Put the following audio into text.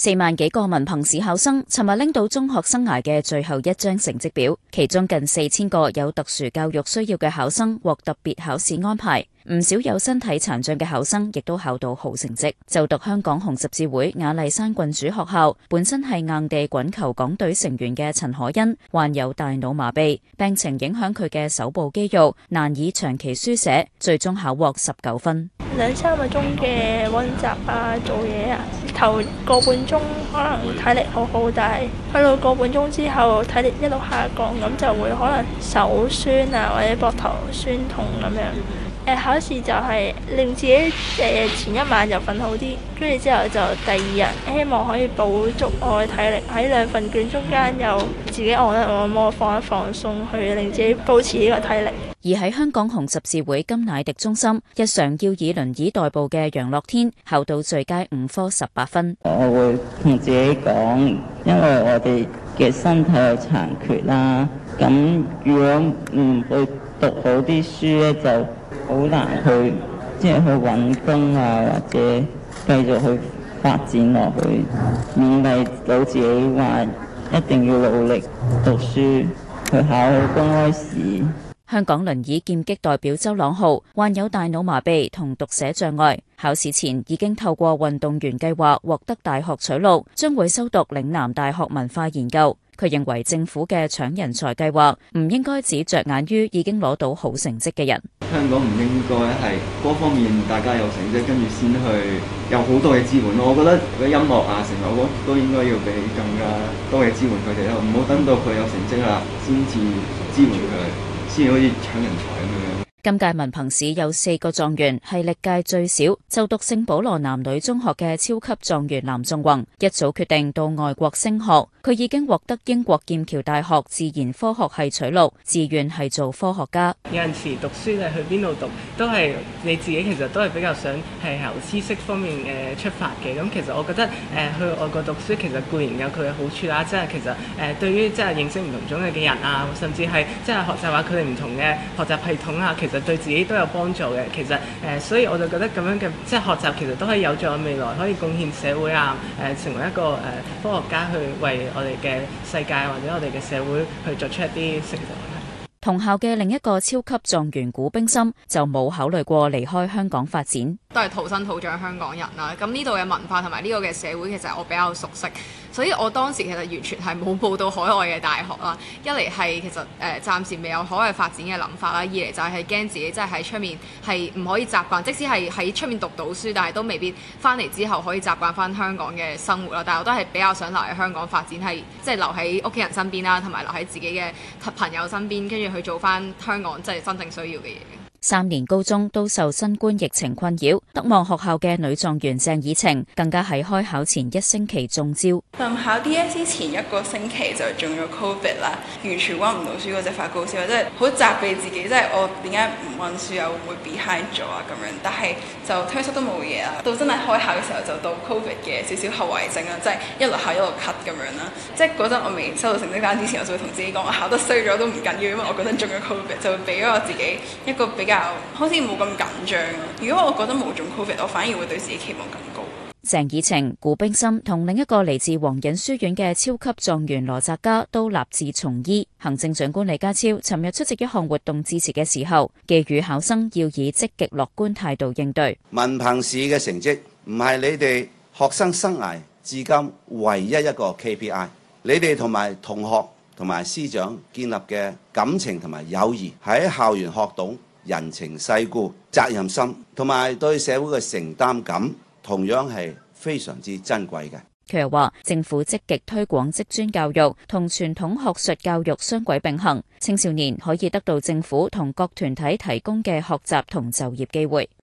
四萬幾個文憑試考生尋日拎到中學生涯嘅最後一張成績表，其中近四千個有特殊教育需要嘅考生獲特別考試安排，唔少有身體殘障嘅考生亦都考到好成績。就讀香港紅十字會雅麗珊郡主學校，本身係硬地滾球港隊成員嘅陳可欣，患有大腦麻痹，病情影響佢嘅手部肌肉，難以長期書寫，最終考獲十九分。兩三個鐘嘅溫習啊，做嘢啊。頭個半鐘可能體力好好，但係去到個半鐘之後體力一路下降，咁就會可能手酸啊，或者膊頭酸痛咁樣。考試就係令自己誒前一晚就瞓好啲，跟住之後就第二日希望可以補足我嘅體力。喺兩份卷中間又自己按一按摩，摩、放一放鬆，去令自己保持呢個體力。而喺香港紅十字會甘迺迪中心，日常要以輪椅代步嘅楊樂天，考到最佳五科十八分。我會同自己講，因為我哋嘅身體有殘缺啦，咁如果唔去讀好啲書咧，就好難去，即係去揾工啊，或者繼續去發展落去，勉勵到自己話一定要努力讀書，去考公開試。香港輪椅劍擊代表周朗浩患有大腦麻痹同讀寫障礙，考試前已經透過運動員計劃獲得大學取錄，將會修讀嶺南大學文化研究。佢認為政府嘅搶人才計劃唔應該只着眼於已經攞到好成績嘅人。香港唔應該係嗰方面，大家有成績跟住先去有好多嘅支援。我覺得音樂啊，成啊，我覺都應該要俾更加多嘅支援佢哋啦。唔好等到佢有成績啦，先至支援佢，先至可以搶人才咁樣。今屆文憑試有四個狀元，係歷屆最少。就讀聖保羅男女中學嘅超級狀元藍仲宏，一早決定到外國升學。佢已經獲得英國劍橋大學自然科學系取錄，志願係做科學家。有陣時讀書係去邊度讀都係你自己，其實都係比較想係由知識方面誒出發嘅。咁其實我覺得誒去外國讀書其實固然有佢嘅好處啦，即係其實誒對於即係認識唔同種類嘅人啊，甚至係即係學習話佢哋唔同嘅學習系統啊，其實。對自己都有幫助嘅，其實誒，所以我就覺得咁樣嘅即係學習，其實都可以有助我未來可以貢獻社會啊！誒、呃，成為一個誒、呃、科學家去為我哋嘅世界或者我哋嘅社會去作出一啲成就。同校嘅另一個超級狀元古冰心就冇考慮過離開香港發展。都係土生土長香港人啦，咁呢度嘅文化同埋呢個嘅社會其實我比較熟悉，所以我當時其實完全係冇報到海外嘅大學啦。一嚟係其實誒暫時未有海外發展嘅諗法啦，二嚟就係驚自己真係喺出面係唔可以習慣，即使係喺出面讀到書，但係都未必翻嚟之後可以習慣翻香港嘅生活啦。但係我都係比較想留喺香港發展，係即係留喺屋企人身邊啦，同埋留喺自己嘅朋友身邊，跟住去做翻香港即係真正需要嘅嘢。三年高中都受新冠疫情困擾，德望學校嘅女狀元鄭以晴更加喺開考前一星期中招。臨考 DSE 之前一個星期就中咗 Covid 啦，完全溫唔到書，嗰只發高燒，即係好責備自己，即係我點解唔溫書又會 behind 咗啊，咁樣。但係就聽出都冇嘢啊，到真係開考嘅時候就到 Covid 嘅少少後遺症啦，即係一路考一路 cut 咁樣啦。即係嗰陣我未收到成績單之前，我就會同自己講，我考得衰咗都唔緊要，因為我嗰陣中咗 Covid，就會俾咗我自己一個俾。好似冇咁緊張。如果我覺得冇種 Covid，我反而會對自己期望更高。鄭以晴、古冰心同另一個嚟自黃隱書院嘅超級狀元羅澤嘉都立志從醫。行政長官李家超尋日出席一項活動致辭嘅時候，寄語考生要以積極樂觀態度應對。文憑試嘅成績唔係你哋學生生涯至今唯一一個 KPI。你哋同埋同學同埋師長建立嘅感情同埋友誼喺校園學懂。人情世故，責任心同埋對社會嘅承擔感，同樣係非常之珍貴嘅。佢又話政府積極推廣職專教育，同傳統學術教育雙軌並行，青少年可以得到政府同各團體提供嘅學習同就業機會。